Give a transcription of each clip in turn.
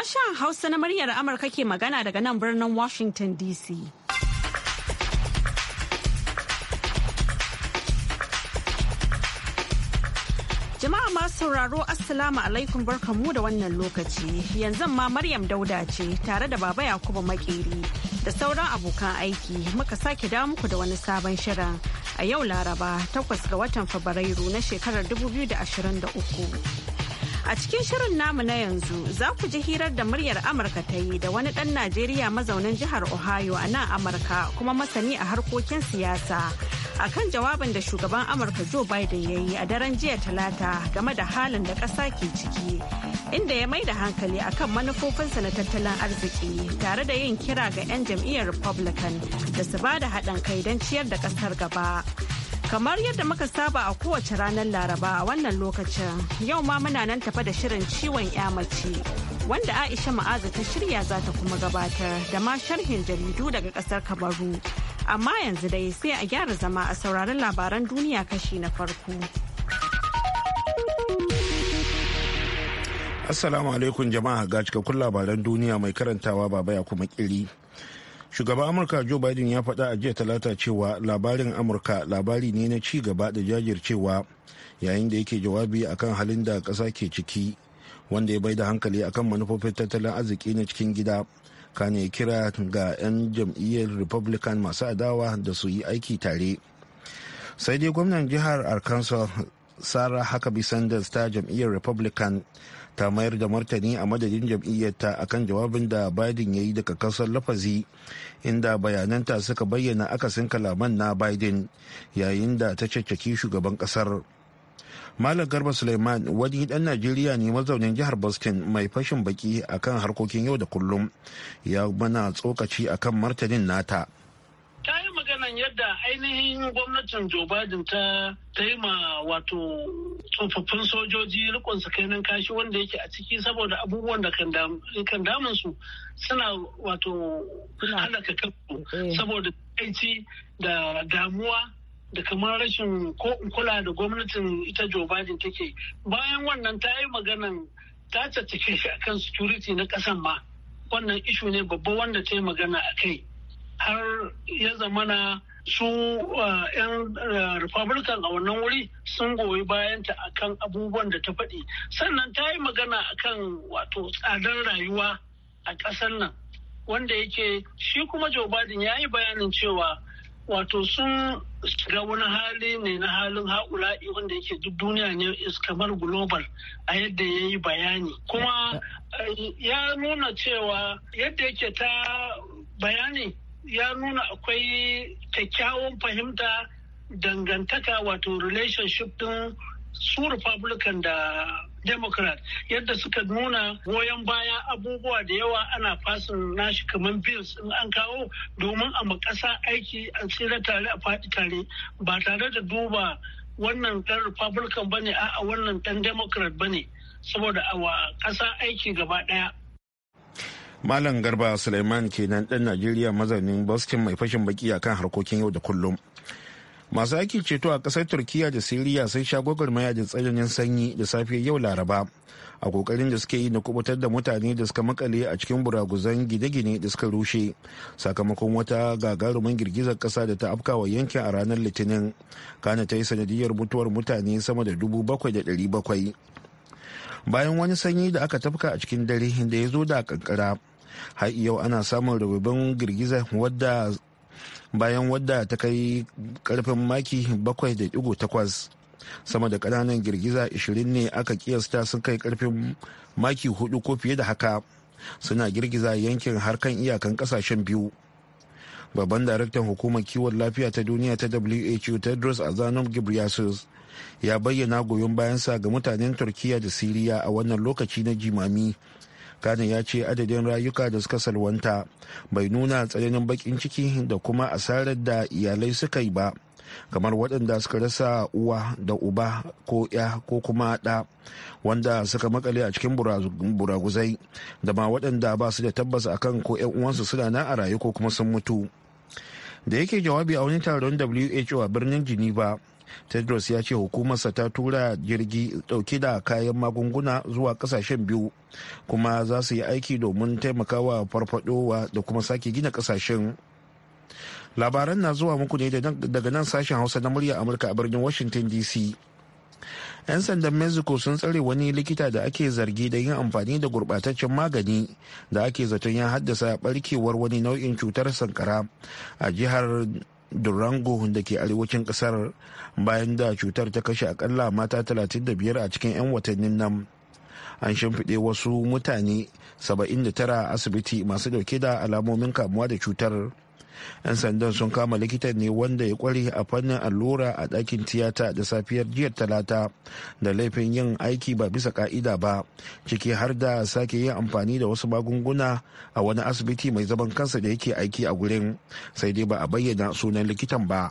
Sashen Hausa na muryar Amurka ke magana daga nan birnin Washington DC. Jama'a masu sauraro Assalamu alaikum barkamu da wannan lokaci. Yanzu ma Maryam Dauda ce tare da Baba Yakubu Makeri da sauran abokan aiki muka sake da muku da wani sabon shirin a yau Laraba 8 ga watan Fabrairu na shekarar 2023. A cikin shirin namu na yanzu za ku ji hirar da muryar Amurka ta yi da wani ɗan Najeriya mazaunin jihar Ohio a nan Amurka kuma masani a harkokin siyasa. a kan jawabin da shugaban Amurka Joe Biden ya yi a daren jiya talata game da halin da ƙasa ke ciki. Inda ya mai da hankali kan manufofinsa na tattalin arziki tare da yin kira ga 'yan jam'iyyar Republican da su ba da haɗin kai don ciyar da ƙasar gaba. Kamar yadda muka saba a kowace ranar Laraba a wannan lokacin, yau ma muna nan tafa da shirin ciwon ya mace wanda Aisha Ma'aza ta shirya za ta kuma gabatar da ma sharhin jaridu daga kasar Kamaru. Amma yanzu dai sai a gyara zama a sauraron labaran duniya kashi na farko. Assalamu alaikum jama'a ga cikakkun labaran duniya mai karantawa baba ya kuma kiri. shugaban amurka joe biden ya faɗa a jiya talata cewa labarin amurka labari ne na ci gaba da jajircewa yayin da yake jawabi akan halin da ƙasa ke ciki wanda ya bai da hankali akan manufofin tattalin arziki na cikin gida kane kira ga 'yan jam'iyyar republican masu adawa da su yi aiki tare sai dai gwamnan jihar arkansas sarah huckabee sanders ta jam'iyyar republican ta mayar da martani a madadin jam'iyyarta akan jawabin da biden ya yi daga kasar lafazi inda bayananta suka bayyana akasin kalaman na biden yayin da ta caccaki shugaban kasar malam garba suleiman wani dan najeriya ne mazaunin jihar boston mai fashin baki akan harkokin yau da kullum ya mana tsokaci akan martanin nata kan yadda ainihin gwamnatin Joe Biden ta taima wato tsofaffin sojoji rikon nan kashi wanda yake a ciki saboda abubuwan da kan damun su suna wato halaka kanku eh. saboda aici da damuwa da kamar rashin ko kula da gwamnatin ita Joe Biden take bayan wannan ta yi maganan ta caccake shi akan security na kasan ma wannan ishu ne babba wanda ta yi magana a kai har ya zamana su uh, yan uh, republican a wannan wuri sun goyi bayanta akan abubuwan da ta faɗi sannan ta yi magana akan wato tsadar rayuwa a ƙasar nan wanda yake shi kuma joe biden ya yi bayanin cewa wato sun shiga wani hali ne na halin haƙula'i wanda yake duk duniya ne is kamar global a yadda ya yi bayani kuma uh, ya nuna cewa yadda yake ta bayani ya nuna akwai kyakkyawan fahimta dangantaka wato relationship din su republican da democrat yadda suka nuna goyon baya abubuwa da yawa ana fasin nashi kamar bills in an kawo domin a makasa aiki a tsira tare a faɗi tare ba tare da duba wannan ɗan republican ba ne a wannan ɗan democrat ba ne saboda a ƙasa aiki gaba ɗaya Malam Garba Suleiman kenan ɗan Najeriya mazaunin Boston mai fashin baki kan harkokin yau da kullum. Masu aiki ceto a ƙasar Turkiya da Siriya sun sha gwagwarmaya da tsananin sanyi da safe yau Laraba a kokarin da suke yi na kubutar da mutane da suka makale a cikin buraguzan gine-gine da suka rushe sakamakon wata gagarumin girgizar ƙasa da ta afkawa yankin a ranar Litinin. Kana ta yi sanadiyar mutuwar mutane sama da dubu bakwai da ɗari bakwai. Bayan wani sanyi da aka tafka a cikin dare da ya zo da kankara har yau ana samun rububin girgiza wadda bayan wadda ta kai karfin maki 7.8 sama da kananan girgiza 20 ne aka kiyasta sun kai karfin maki hudu ko fiye da haka suna girgiza yankin harkan iyakan kasashen biyu babban daraktan hukumar kiwon lafiya ta duniya ta who tedros adhanom ghebreyesus ya bayyana goyon bayansa ga mutanen turkiya da siriya a wannan lokaci na jimami kanin ya ce adadin rayuka da suka salwanta bai nuna tsananin bakin ciki da kuma asarar da iyalai suka yi ba kamar waɗanda suka rasa uwa da uba ko ya ko kuma ɗa wanda suka makale a cikin buraguzai da ma waɗanda ba su da tabbas kan ko 'yan uwansu suna na a raye ko kuma sun mutu da yake jawabi a wani taron who a birnin geneva tedros ya ce hukumarsa ta tura jirgi dauke da kayan magunguna zuwa kasashen biyu kuma za su yi aiki domin taimakawa farfadowa da kuma sake gina kasashen labaran na zuwa muku ne daga nan sashen hausa na murya amurka a birnin washington dc 'yan sandan mexico sun tsare wani likita da ake zargi da yin amfani da gurbataccen magani da ake zaton ya haddasa barkewar wani nau'in cutar sankara a jihar durango da ke arewacin kasar bayan da cutar ta kashe akalla mata 35 a cikin 'yan watannin nan an shimfiɗe wasu mutane 79 asibiti masu dauke da alamomin kamuwa da cutar 'yan sandan sun kama likitan ne wanda ya kware a fannin allura a ɗakin tiyata da safiyar jiya talata da laifin yin aiki ba bisa ka'ida ba ciki har da sake yin amfani da wasu magunguna a wani asibiti mai zaman kansa da yake aiki a gurin sai dai ba a bayyana sunan likitan ba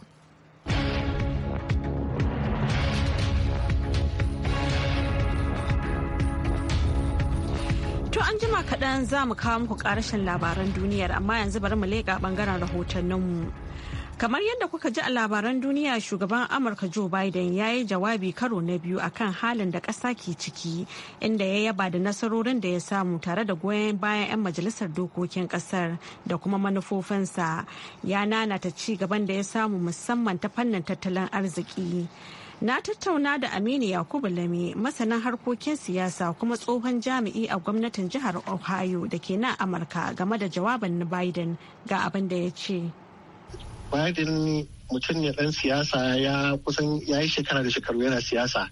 nan za mu kawo muku ƙarashin labaran duniyar amma yanzu bari mu leƙa ɓangaren rahotanninmu. Kamar yadda kuka ji a labaran duniya shugaban Amurka Joe Biden ya yi jawabi karo na biyu akan halin da ƙasa ke ciki inda ya yaba da nasarorin da ya samu tare da goyon bayan 'yan majalisar dokokin ƙasar da kuma manufofinsa ya nanata ci gaban da ya samu musamman ta fannin tattalin arziki. Na tattauna da Aminu Yakubu Lami masanin harkokin siyasa kuma tsohon jami'i a gwamnatin jihar Ohio da ke nan Amurka game da jawaban na Biden ga abin da ya ce. Biden mutum ne dan siyasa ya kusan ya yi shekara da shekaru yana siyasa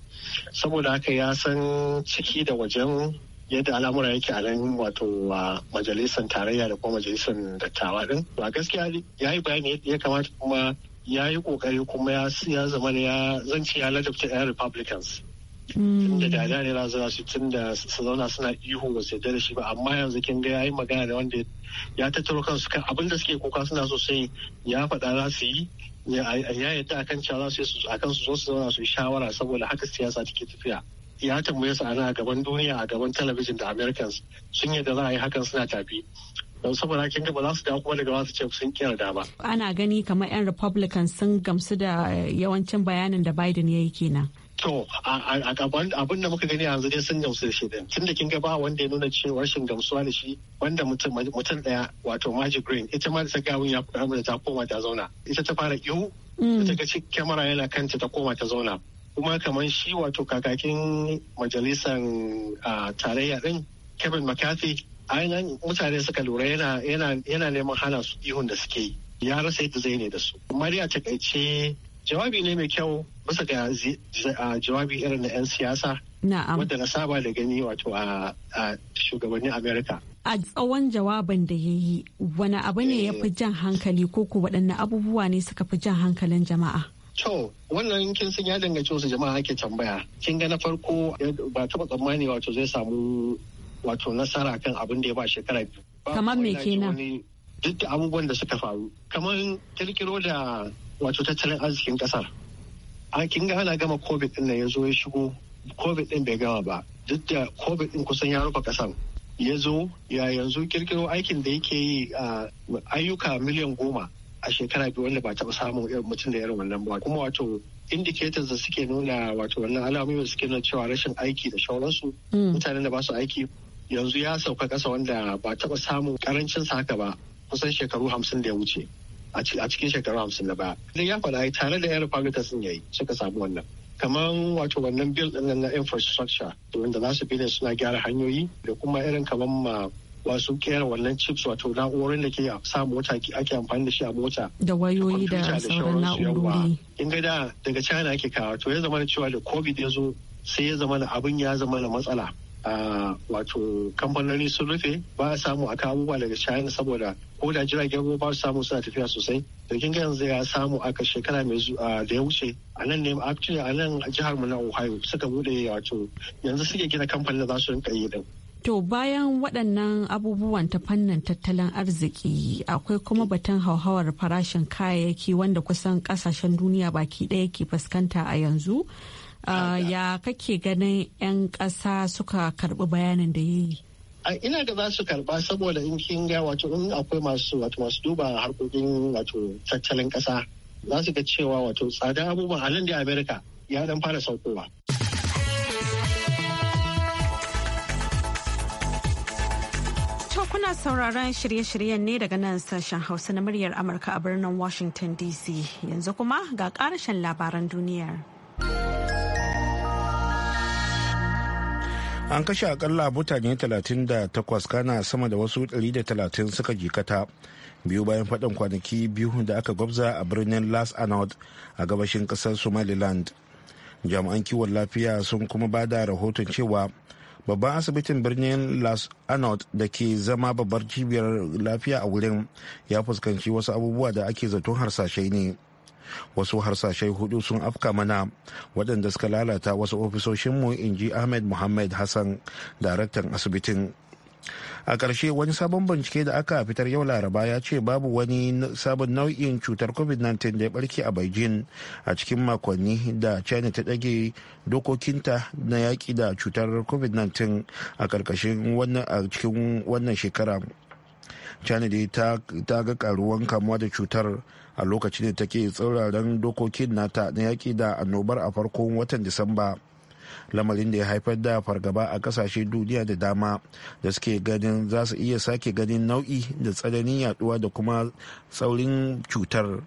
saboda haka ya san ciki da wajen yadda al'amura yake a nan wato a majalisar tarayya da kuma majalisar dattawa din ba gaskiya ya yi bayani ya kamata kuma ya yi kokari kuma ya zama ya zance ya ladabta 'yan republicans tunda da da ne na shi tun da su zauna suna ihu ba su yarda da shi ba amma yanzu kin ga yayi magana da wanda ya tattaro kansu kan abin da suke kuka suna so sai ya faɗa za su yi ya yadda a kan cewa za su akan su zo su zauna su shawara saboda haka siyasa take tafiya ya tambaye su ana a gaban duniya a gaban talabijin da americans sun yadda za a yi hakan suna tafi don saboda kin ga ba za su dawo kuma daga wasu ce sun yarda ba ana gani kamar yan republican sun gamsu da eh, yawancin bayanin da biden ya yi kenan to a abin da muka gani yanzu dai sun gamsu da shi din tun kin ga ba wanda ya nuna cewa shin gamsuwa da shi wanda mutum mutum daya wato magic green ita ma da ta gawun ya fara ta koma ta zauna ita ta fara ihu mm. ta ga kyamara yana kanta ta koma ta zauna kuma kamar shi wato kakakin majalisar ah, tarayya din kevin mccarthy ainihin mutane suka lura yana neman hana su ihun da suke yi ya rasa yadda zai ne da su mariya ta kaice. jawabi ne mai kyau bisa ga jawabi irin na 'yan siyasa wadda na saba da gani wato a shugabannin amerika a tsawon jawaban da ya yi wani abu ne ya fi eh. jan hankali ko ko waɗanne abubuwa ne suka fi jan hankalin jama'a To, wannan kin san ya danganci wasu jama'a ake tambaya. Kin ga na farko ba taɓa tsammani wato zai samu wato nasara kan abin da ya ba shekara biyu. Kamar me kenan? Duk da abubuwan da suka faru. Kamar kirkiro da wato tattalin arzikin kasar. A kin ga ana gama COVID din nan ya zo ya shigo COVID din bai gama ba. Duk da COVID din kusan ya rufe kasar. Ya zo ya yanzu kirkiro aikin da yake yi a ayyuka miliyan goma a shekara biyu wanda ba taɓa samun mutum da irin wannan ba. Kuma wato indicators da suke nuna wato wannan alamomi da suke nuna cewa rashin aiki da shawararsu. Mm. mutanen da ba su aiki yanzu ya sauka kasa wanda ba taɓa samun ƙarancin sa ba kusan shekaru hamsin da ya wuce a cikin shekaru hamsin da baya. Zai ya faɗa tare da 'yan Republicans ya yayi suka samu wannan. kamar wato wannan bill din na infrastructure wanda za su bi suna gyara hanyoyi da kuma irin kamar ma wasu kera wannan chips wato na'urorin da ke sa mota ake amfani da shi a mota da wayoyi da sauran na'urori in ga da daga china ake kawo to ya zama da cewa da covid ya zo sai ya zama da abin ya zama da matsala wato kamfanoni sun rufe ba a samu a kawo abubuwa daga china saboda ko da jiragen ruwa ba su samu suna tafiya sosai da kin ga yanzu ya samu aka shekara mai zuwa da ya wuce a nan ne a nan jihar mu na ohio suka bude wato yanzu suke gina kamfanin da za su rinka yi din To bayan waɗannan abubuwan ta fannin tattalin arziki akwai kuma batun hauhawar farashin kayayyaki wanda kusan ƙasashen duniya baki ɗaya ke fuskanta a yanzu. ya kake ganin 'yan ƙasa suka karɓi bayanin da ya yi ina da za su karba saboda in kin ga wato in akwai masu wato masu duba harkokin wato tattalin kasa za su ga cewa wato tsada abubuwan halin da amerika ya dan fara saukowa kuna sauraron shirye-shiryen ne daga nan sashen hausa na muryar amurka a birnin washington dc yanzu kuma ga karashen labaran duniyar. an kashe akalla mutane 38 kana sama da wasu 130 suka jikata biyu bayan faɗin kwanaki biyu da aka gwabza a birnin las anod a gabashin ƙasar somaliland jami'an kiwon lafiya sun kuma ba da rahoton cewa babban asibitin birnin las anod da ke zama babbar cibiyar lafiya a wurin ya fuskanci wasu abubuwa da ake zaton harsashe ne wasu harsashai hudu sun afka mana waɗanda suka lalata wasu ofisoshinmu in ji ahmed muhammad hassan daraktan asibitin a ƙarshe wani sabon bincike da aka fitar yau laraba ya ce babu wani sabon nau'in cutar covid-19 da ya barke a beijing a cikin makonni da china ta ɗage dokokinta na yaƙi da cutar covid-19 a ƙarƙashin wannan cikin wannan shekara china dai ta ga karuwan kamuwa da cutar a lokacin da take tsauraran dokokin nata na yaki da annobar a farkon watan disamba lamarin da ya haifar da fargaba a kasashe duniya da dama da suke ganin za su iya sake ganin nau'i da tsananin yaduwa da kuma tsaurin cutar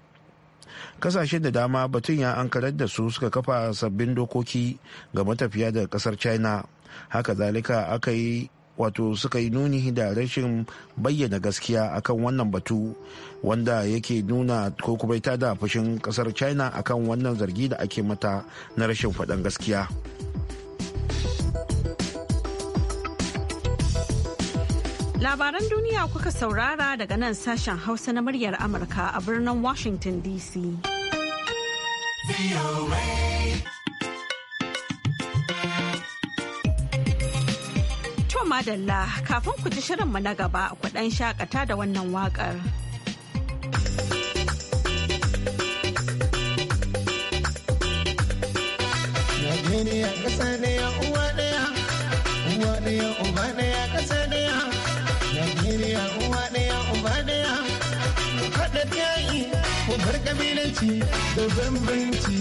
kasashe da dama batun ya ankarar da su suka kafa sabbin dokoki ga matafiya daga kasar china haka zalika aka yi wato suka yi nuni da rashin bayyana gaskiya akan wannan batu wanda yake nuna ko kuma ta da fushin kasar china akan wannan zargi da ake mata na rashin faɗan gaskiya labaran duniya kuka saurara daga nan sashen hausa na muryar amurka a birnin washington dc madalla kafin ku ji shirinmu na gaba ku ɗan shakata da wannan waƙar. Najeriya ƙasa ɗaya uwa ɗaya, uwa ɗaya uba ɗaya ƙasa ɗaya. Najeriya uwa uba ɗaya, mu haɗa yayi, mu bar ƙabilanci da bambanci.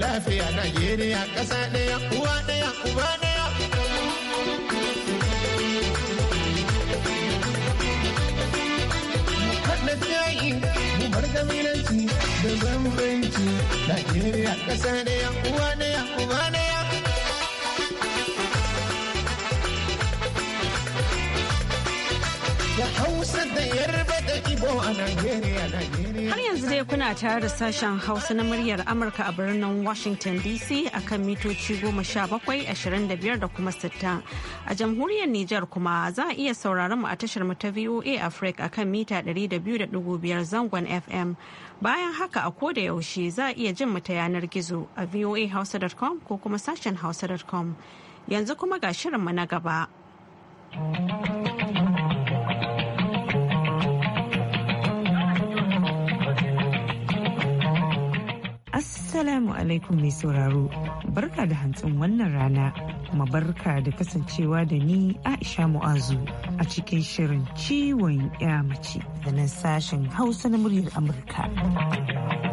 lafiya Najeriya ƙasa ɗaya uwa ɗaya uba ɗaya. Kaɗa tsayi mu bar kabilanci da bambanci Najeriya ƙasa ɗaya uwa ɗaya uba ɗaya. Da Hausa da Yarba da Ibo a Najeriya Najeriya. Har yanzu dai kuna tare da sashen Hausa na muryar Amurka a birnin Washington DC akan mitoci goma sha bakwai ashirin da biyar da kuma sittin. A jamhuriyar Nijar kuma za a iya sauraron mu a tashar mu ta VOA Africa akan mita ɗari da biyu da zangon FM. Bayan haka a koda yaushe za a iya jin mu ta yanar gizo a voahausa.com ko kuma sashen hausa.com. Yanzu kuma ga shirin mu na gaba. Assalamu alaikum mai sauraro, barka da hantsin wannan rana, kuma barka da kasancewa da ni Aisha Mu'azu a cikin shirin ciwon ya mace da nan sashen Hausa na muryar Amurka.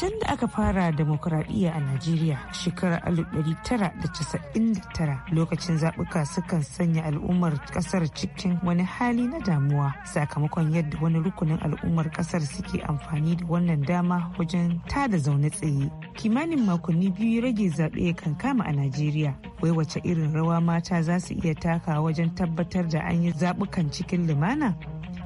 tun da aka fara demokuraɗiyya a najeriya shekarar 1999 lokacin zaɓuka sukan sanya al'ummar ƙasar cikin wani hali na damuwa sakamakon yadda wani rukunin al'ummar ƙasar suke amfani da wannan dama wajen tada zaune tsaye kimanin makonni biyu rage zaɓe kan kama a najeriya wai wace irin rawa mata za su iya takawa wajen tabbatar da an yi zaɓukan cikin lumana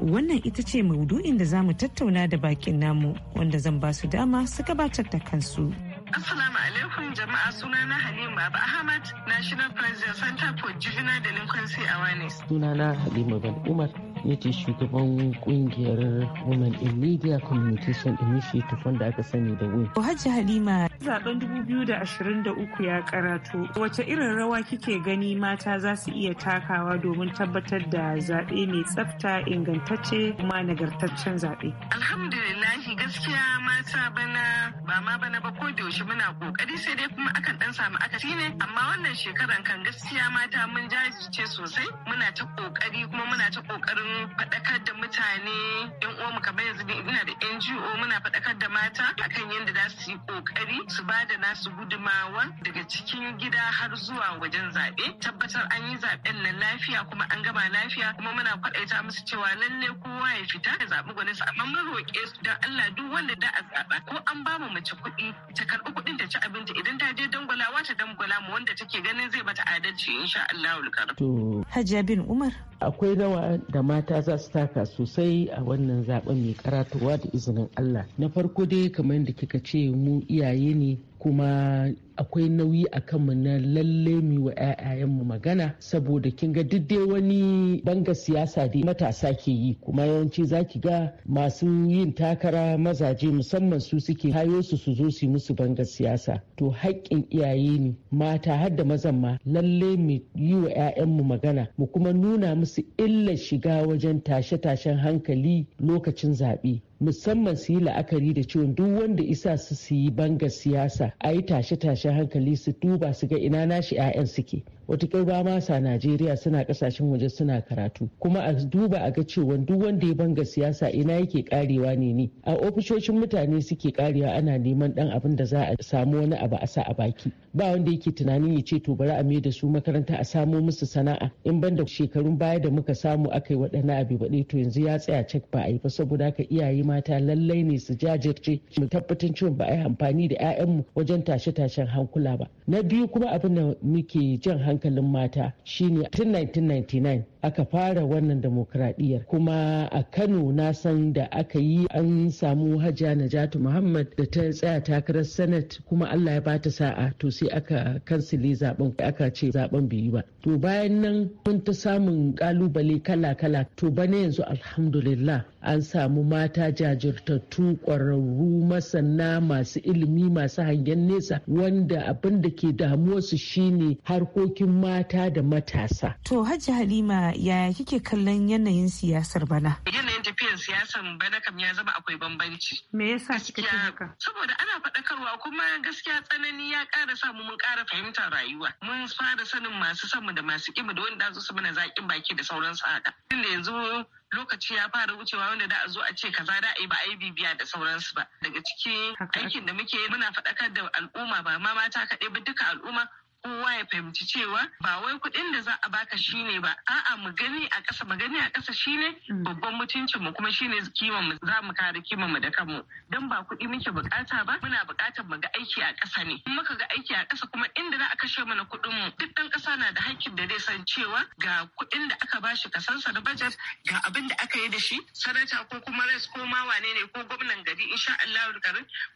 Wannan ita ce maudu'in da za mu tattauna da bakin namu wanda zan ba su dama su gabatar da kansu. Assalamu alaikum jama'a sunana Halima Baba Ahmad National President Center for Juvenile Delinquency Awareness. Sunana Halima Ban Umar ne ce shugaban kungiyar Women in Media Communication Initiative wanda aka sani da WIN. Hajji Halima Zaben 2023 ya karato. Wace irin rawa kike gani mata za su iya takawa domin tabbatar da zaɓe mai tsafta ingantacce kuma nagartaccen zaɓe? Alhamdulillahi gaskiya mata bana ba ma bana ba ko da yaushe muna kokari sai dai kuma akan dan samu aka ne amma wannan shekaran kan gaskiya mata mun jajirce sosai muna ta kokari kuma muna ta kokarin faɗakar da mutane yan uwanmu kamar yanzu ina da NGO muna faɗakar da mata akan yadda za su yi kokari su ba da nasu gudumawa daga cikin gida har zuwa wajen zaɓe tabbatar an yi zaɓen nan lafiya kuma an gama lafiya kuma muna kwaɗaita musu cewa lalle kowa ya fita ya zaɓi gwanin sa amma mun roƙe su don Allah duk wanda da a zaɓa ko an ba mu mace kuɗi ta karɓi kuɗin ta ci abinci idan ta je dangwalawa ta dangwala mu wanda take ganin zai bata adalci insha Allah. To Hajiya bin Umar akwai rawa da mata za su taka sosai a wannan zaben mai karatuwa da izinin Allah na farko dai kamar da kika ce mu iyaye ne kuma akwai nauyi a kanmu na lalle mu wa 'ya'yayenmu magana saboda kin ga duk dai wani banga siyasa dai matasa ke yi kuma yawanci za ki ga masu yin takara mazaje musamman su suke hayo su su zo su musu banga siyasa to haƙƙin iyaye ne mata har da mazan ma lalle mu yi wa 'ya'yanmu magana mu kuma nuna musu illar shiga wajen tashe-tashen hankali lokacin zaɓe musamman su yi la'akari da cewa duk wanda isa su su yi banga siyasa a yi tashe-tashen hankali su duba su ga ina nashi 'ya'yan suke wata ba masa najeriya suna kasashen waje suna karatu kuma a duba a ga cewa duk wanda ya banga siyasa ina yake karewa ne ne a ofishoshin mutane suke karewa ana neman dan abin da za a samu wani abu a sa a baki ba wanda yake tunanin ya ce to bari a mai da su makaranta a samo musu sana'a in banda shekarun baya da muka samu aka yi waɗannan abu baɗe to yanzu ya tsaya cek ba a yi ba saboda haka iyaye mata lallai ne su jajirce mu tabbatar cewa ba a yi amfani da 'ya'yanmu wajen tashe-tashen hankula ba na biyu kuma abin da muke jan hankali hankalin mata shine tun 1999 aka fara wannan demokradiyyar kuma a kano na san da aka yi an samu hajiya najatu muhammad da ta tsaya takarar senate kuma allah ya ba ta sa'a to sai aka kansile zaben aka ce zaben bai yi ba to bayan nan kun ta samun kalubale kala-kala to bane yanzu alhamdulillah an samu mata jajirtattu ƙwararru masana masu ilimi masu hangen nesa wanda abin da ke damuwarsu shine harkokin mata da matasa to hajji halima yaya kike kallon yanayin siyasar bana? Yanayin tafiyar siyasar bana kam ya zama akwai bambanci. Me yasa kike haka? Saboda ana faɗakarwa kuma gaskiya tsanani ya ƙara samu mun ƙara fahimtar rayuwa. Mun fara sanin masu sanmu da masu ƙima da wanda za su mana zaƙin baki da sauran sauransu haka. da yanzu lokaci ya fara wucewa wanda da a zo a ce kaza da ba a yi bibiya da sauransu ba daga ciki aikin da muke yi, muna faɗakar da al'umma ba ma mata kaɗai ba duka al'umma kowa ya fahimci cewa ba wai kuɗin da za a baka shine ba a'a mu gani a ƙasa mu gani a ƙasa shine mm. babban mutuncin mu kuma shine kiman mu za mu kare kiman mu da kanmu Don ba kuɗi muke bukata ba muna bukatar mu ga aiki a ƙasa ne kuma ka ga aiki a ƙasa kuma inda za a kashe mana kuɗin mu duk ɗan ƙasa na da hakkin da zai san cewa ga kuɗin da aka bashi san na budget ga abin da aka yi da shi sanata ko kuma res ko ma wane ne ko gwamnan gari insha Allah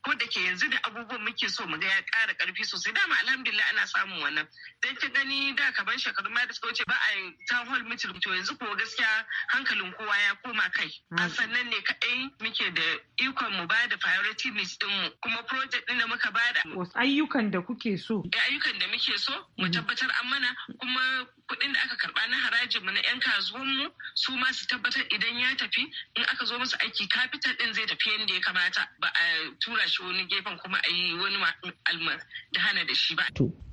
ko da ke yanzu da abubuwan muke so mu ga ya ƙara ƙarfi sosai dama alhamdulillah ana samu wannan dan ki gani da kaban shekaru ma da suka wuce ba a yi town hall meeting to yanzu ko gaskiya hankalin kowa ya koma kai a mm. sannan ne kaɗai muke da ikon mu ba da priority list din mu kuma project din da muka bada ayyukan da kuke so ayyukan da muke so mu mm. tabbatar an mana kuma kuɗin da aka karba na harajin mu na yan kasuwan mu su ma su tabbatar idan ya tafi in aka zo musu aiki capital din zai tafi yadda ya kamata ba a tura shi wani gefen kuma a yi wani almar da hana da shi ba.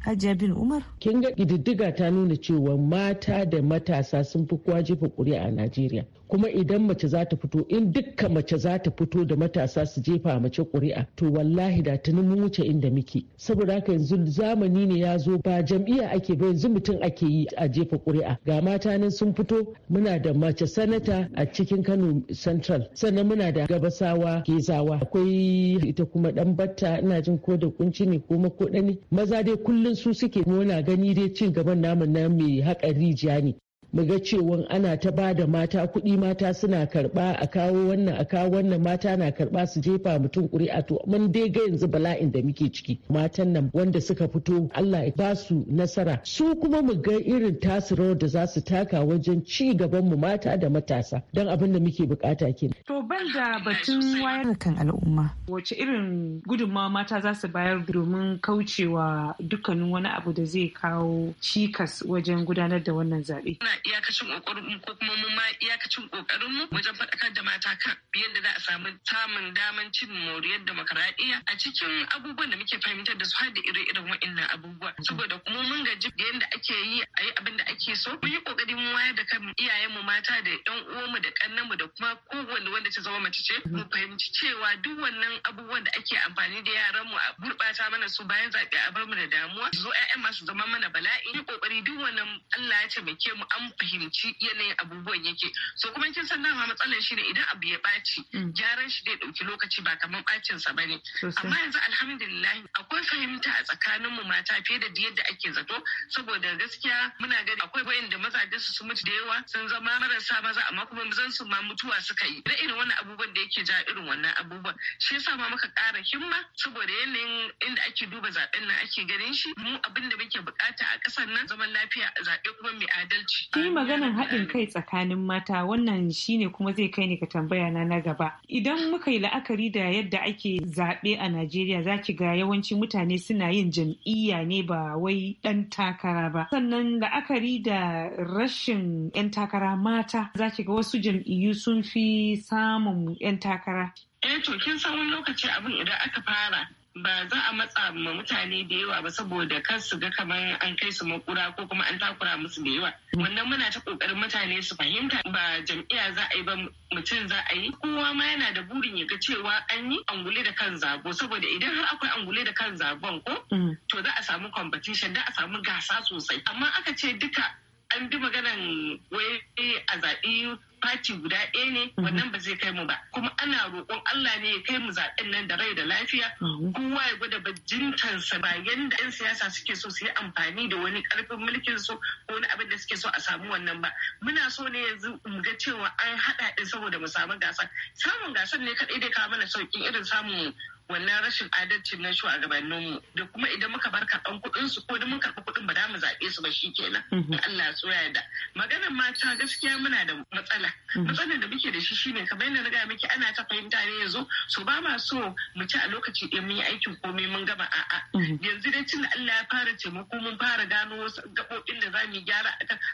Hajiya bin Umar. Kin ga ƙididdiga ta nuna cewa mata da matasa sun fi kwajefa ƙuri'a a Najeriya kuma idan mace za ta fito in dukkan mace za ta fito da matasa su jefa mace ƙuri'a to wallahi da tuni mu wuce inda muke saboda haka yanzu zamani ne ya zo ba jam'iyya ake ba yanzu mutum ake yi a jefa ƙuri'a ga mata nan sun fito muna da mace sanata a cikin Kano Central sannan muna da gabasawa gezawa akwai ita kuma dan batta ina jin ko da kunci ne ko makoɗa ne maza dai kullum su suke muna gani dai cin gaban namu na mai haƙa rijiya ne mu ga cewa ana ta ba da mata kuɗi mata suna karɓa a kawo wannan a kawo wannan mata na karɓa su jefa mutum ƙuri'a to mun dai ga yanzu bala'in da muke ciki matan nan wanda suka fito Allah ya ba su nasara su kuma mu ga irin tasu da za su taka wajen ci gaban mu mata da matasa don abin da muke bukata ke. To ban da batun wayar kan al'umma. Wace irin gudunmawa mata za su bayar domin kaucewa dukkanin wani abu da zai kawo cikas wajen gudanar da wannan zaɓe? iyakacin kokarinmu ko kuma mu ma iyakacin kokarinmu wajen faɗakar da mata kan da za a samu samun daman cin moriyar demokaradiyya a cikin abubuwan da muke fahimtar da su har da ire-iren waɗannan abubuwa saboda kuma mun gaji da yadda ake yi a yi abin da ake so mun yi kokarin wayar da kan iyayenmu mata da yan uwanmu da mu da kuma kowanne wanda ta zama mace ce mu fahimci cewa duk wannan abubuwan da ake amfani da yaran mu a gurɓata mana su bayan zaɓe a bar mu da damuwa su zo 'ya'yan masu zama mana bala'i yi kokari duk wannan Allah ya taimake mu an an fahimci yanayin abubuwan yake so kuma kin san dama matsalar shi ne idan abu ya ɓaci mm. gyaran shi zai ɗauki lokaci ba kamar ɓacin sa bane amma yanzu alhamdulillah akwai fahimta a tsakanin mu mata fiye da yadda ake zato saboda gaskiya muna gani akwai wayanda mazaje su mutu da yawa sun zama marasa maza amma kuma mazan su ma mutuwa suka yi da irin wannan abubuwan da yake ja irin wannan abubuwan shi yasa ma muka ƙara himma saboda yanayin inda ake duba zaben nan ake ganin shi mu abin da muke bukata a ƙasar nan zaman lafiya zaɓe kuma mai adalci yi maganan haɗin kai tsakanin mata wannan shine kuma zai kai ni ka tambaya na na gaba. Idan muka yi la'akari da yadda ake zaɓe a Najeriya za ki ga yawanci mutane suna yin jam'iyya ne ba wai ɗan takara ba. Sannan la'akari da rashin 'yan takara mata za ki ga wasu jam'iyyu sun fi samun 'yan takara. Eh to kin san wani lokaci abin idan aka fara ba za a matsa ma mutane da yawa ba saboda kan su ga kamar an kai su makura ko kuma an takura musu da yawa wannan muna ta kokarin mutane su fahimta ba jam'iyya za a yi ba mutum za a yi kowa ma yana da burin ya ga cewa an yi angule da kan zago saboda idan har akwai angule da kan zagon ko mm. to za a samu competition da a samu gasa sosai amma aka ce duka an bi maganan wai a zaɓi fati guda ɗaya ne mhm. wannan ba zai kai mu ba kuma ana roƙon Allah ne ya kai mu zaɓen nan da rai da lafiya kowa ya gwada bajintansa ba yanda 'yan siyasa suke so su yi amfani da wani ƙarfin mulkin su ko wani abin da suke so a samu wannan ba muna so ne yanzu mu ga cewa an haɗa ɗin saboda mu samu gasar samun gasar ne kaɗai dai kawo mana sauƙin irin samun wannan rashin adalci na a gabaninmu da kuma idan muka bar karɓan kuɗin su ko da mun karɓi kuɗin ba za mu zaɓe su ba shi kenan in mhm. Allah so ya da maganar mata gaskiya muna da matsala mhm. matsalar da muke da shi shine kamar yadda riga miki ana ta fahimta ne yanzu so ba ma so mu ci a lokaci ɗaya mun yi aikin komai mun gama a'a mhm. yanzu dai tun Allah ya fara taimako mun fara gano wasu gaɓoɓin da za mu gyara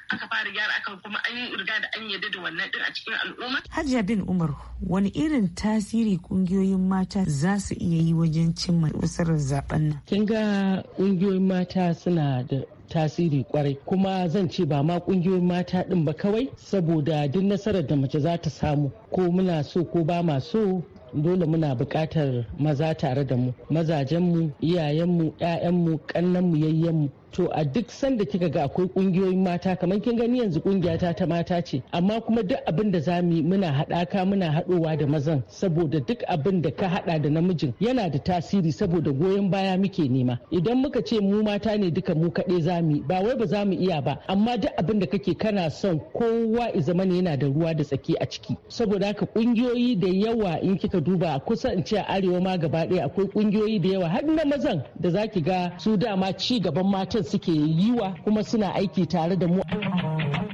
aka fara gyara akan kuma an yi riga da an yarda da wannan ɗin a cikin al'umma Hajiya bin Umar wani irin tasiri kungiyoyin mata za su iya yi wajen cimma nasarar zaben nan kin ga ƙungiyoyin mata suna da tasiri kwarai kuma zan ce ba ma ƙungiyoyin mata ɗin ba kawai saboda duk nasarar da mace za ta samu ko muna so ko ba ma so dole muna buƙatar maza tare da mu mazajenmu iyayenmu 'ya'yanmu ƙannenmu yayyenmu to a duk sanda kika ga akwai kungiyoyin mata kamar kin gani yanzu kungiyata ta mata ce amma kuma duk abin da za mu yi muna haɗaka muna haɗowa da mazan saboda duk abin da ka haɗa da namijin yana da tasiri saboda goyon baya muke nema idan muka ce mu mata ne duka mu kaɗai za mu ba wai ba za mu iya ba amma duk abin da kake kana son kowa zama ne yana da ruwa da tsaki a ciki saboda haka kungiyoyi da yawa in kika duba kusa in ce a arewa ma gaba ɗaya akwai kungiyoyi da yawa har na mazan da zaki ga su dama ci gaban matan ƙasar suke yiwa kuma suna aiki tare da mu.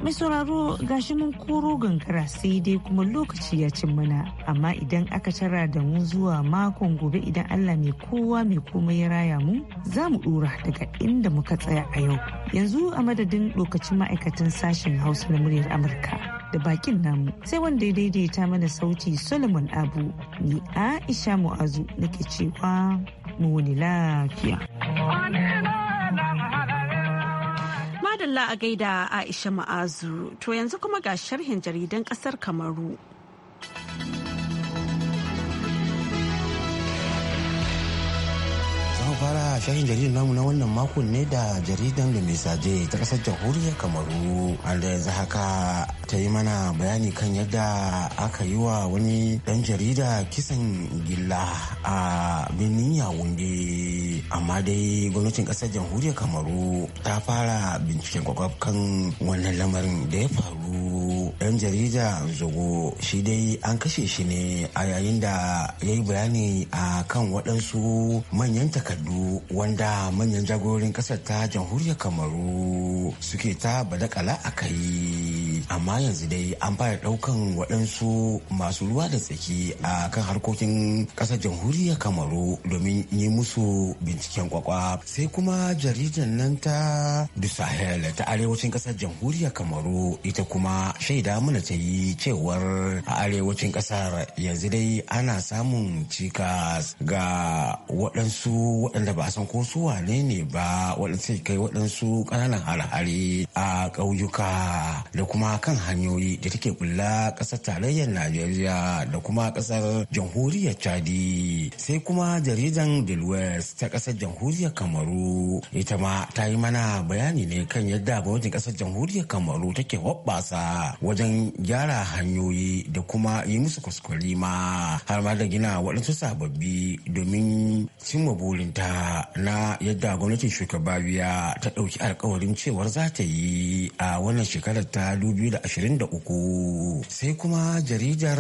mai sauraro gashi mun koro gangara sai dai kuma lokaci ya cin mana amma idan aka tara da mu zuwa makon gobe idan allah mai kowa mai komai ya raya mu za mu dora daga inda muka tsaya a yau yanzu a madadin lokacin ma'aikatan sashen hausa na muryar amurka da bakin namu sai wanda ya daidaita mana sauti solomon abu ne aisha mu'azu nake cewa mu lafiya. Madalla a gaida Aisha Ma'azu, to yanzu kuma ga sharhin jaridan ƙasar Kamaru. fara shahin jaridar namu na wannan makon ne da jaridan da misaje ta kasar jamhuriyar kamaru an da yanzu haka ta yi mana bayani kan yadda aka yi wa wani dan jarida kisan gilla a birnin yawunde amma dai gwamnatin kasar jamhuriyar kamaru ta fara binciken kwakwaf kan wannan lamarin da ya faru dan jarida zogo shi dai an kashe shi ne a yayin da ya yi bayani a kan waɗansu manyan takardu wanda manyan jagororin ƙasar ta jamhuriyar kamaru suke ta badakala a kai amma yanzu dai an fara ɗaukan waɗansu masu ruwa da tsaki a kan harkokin ƙasar jamhuriyar kamaru domin yi musu binciken kwakwa sai kuma jaridar nan ta du sahel ta arewacin ƙasar jamhuriyar kamaru ita kuma shaida shaida muna ta yi cewar a arewacin kasar yanzu dai ana samun cikas ga waɗansu waɗanda ba a san ko su wane ne ba waɗansu kai waɗansu ƙananan harhare a ƙauyuka da kuma kan hanyoyi da take bulla ƙasar tarayyar najeriya da kuma ƙasar jamhuriyar chadi sai kuma jaridan delwes ta ƙasar jamhuriyar kamaru ita ma ta yi mana bayani ne kan yadda gwamnatin ƙasar jamhuriyar kamaru take hoɓɓasa wajen gyara hanyoyi da kuma yi musu kwaskwari ma har ma da gina waɗansu sababbi domin cimma burinta na yadda gwamnatin shugaba biya ta ɗauki alkawarin cewar za ta yi a wannan shekarar ta 2023 sai kuma jaridar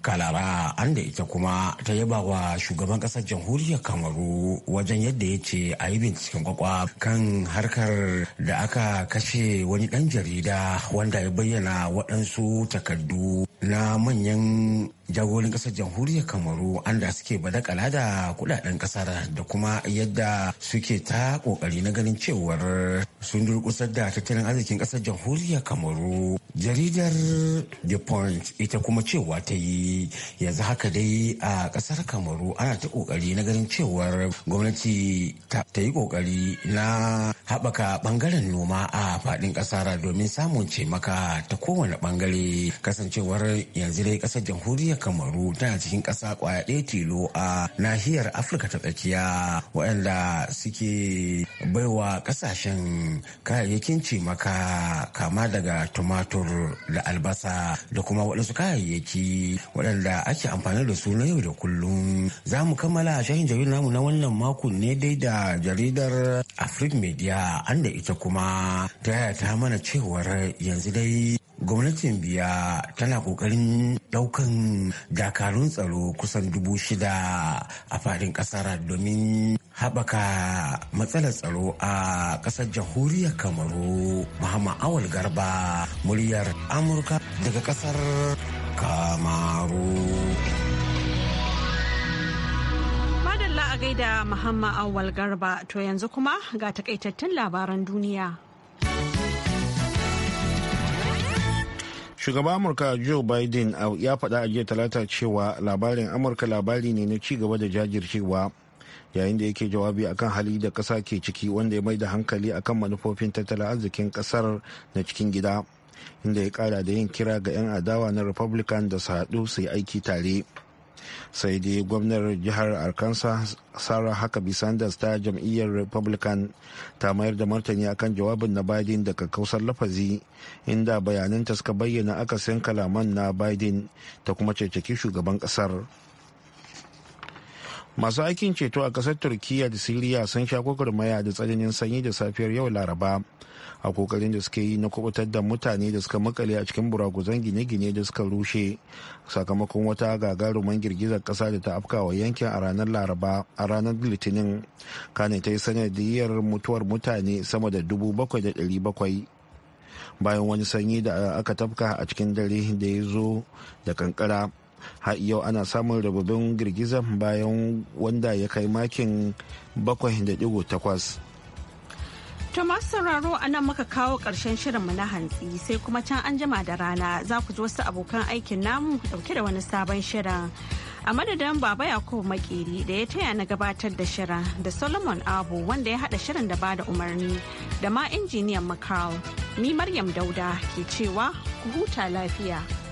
kalara an da ita kuma ta yaba wa shugaban ƙasar jamhuriyar kamaru wajen yadda ya ce a yi binciken kwakwa kan harkar da aka kashe wani ɗan jarida wanda ya bayyana waɗansu takardu na manyan jagorin kasar jamhuriyar kamaru anda suke badakala da kudaden kasar da kuma yadda suke ta kokari na ganin cewar sun durkusar da tattalin arzikin kasar jamhuriyar kamaru jaridar the point ita kuma cewa ta yi yanzu haka dai a kasar kamaru ana ta kokari na ganin cewar gwamnati ta yi kokari na haɓaka ɓangaren noma a faɗin ƙasar domin samun cemaka ta kowane ɓangare kasancewar yanzu dai ƙasar jamhuriyar jamhuriyar kamaru tana cikin ƙasa kwaya ɗaya tilo a nahiyar afirka ta tsakiya waɗanda suke baiwa ƙasashen kayayyakin cimaka kama daga tumatur da albasa da kuma waɗansu kayayyaki waɗanda ake amfani da su na yau da kullum za mu kammala shahin jaridar namu na wannan makon ne dai da jaridar afrik media an da ita kuma ta yaya ta mana cewar yanzu dai gwamnatin biya tana kokarin daukan dakarun tsaro kusan dubu shida a fadin kasar domin haɓaka matsalar tsaro a ƙasar jamhuriyar kamaru muhammad awal garba muryar amurka daga ƙasar kamaru madalla a gaida muhammad awal garba to yanzu kuma ga takaitattun labaran duniya shugaban amurka joe biden uh, ya faɗa a jiya talata cewa labarin amurka labari ne na cigaba da jajircewa yayin da yake jawabi akan hali da ƙasa ke ciki wanda ya mai da hankali akan manufofin tattalin arzikin ƙasar na cikin gida inda ya ƙara da yin kira ga 'yan adawa na republican da su haɗu su yi aiki tare sai dai gwamnar jihar arkansas sarah huckabee sanders ta jam'iyyar republican ta mayar da martani akan jawabin na biden daga kausar lafazi inda bayananta suka bayyana aka akasin kalaman na biden ta kuma ceceki shugaban kasar masu aikin ceto a kasar turkiya da siriya sun sha gwagwarmaya da tsananin sanyi da safiyar yau laraba a kokarin da suke yi na kubutar da mutane da suka makale a cikin buraguzan gine-gine da suka rushe sakamakon wata gagarumin girgizar kasa da ta afkawa yankin a ranar laraba a ranar litinin kane ta yi sanadiyar mutuwar mutane sama da dubu bakwai da ɗari bakwai bayan wani sanyi da aka tafka a cikin dare da ya zo da kankara har yau ana samun rububin girgizar bayan wanda ya kai makin bakwai da digo takwas To masu sauraro a nan muka kawo ƙarshen shirinmu na hantsi sai kuma can an jima da rana za ku ji wasu abokan aikin namu dauke da wani sabon shirin. A madadin Baba Yakubu Makeri da ya taya na gabatar da shirin da Solomon Abu wanda ya haɗa shirin da bada umarni da ma injiniyan Macau. Ni Maryam Dauda ke cewa ku huta lafiya.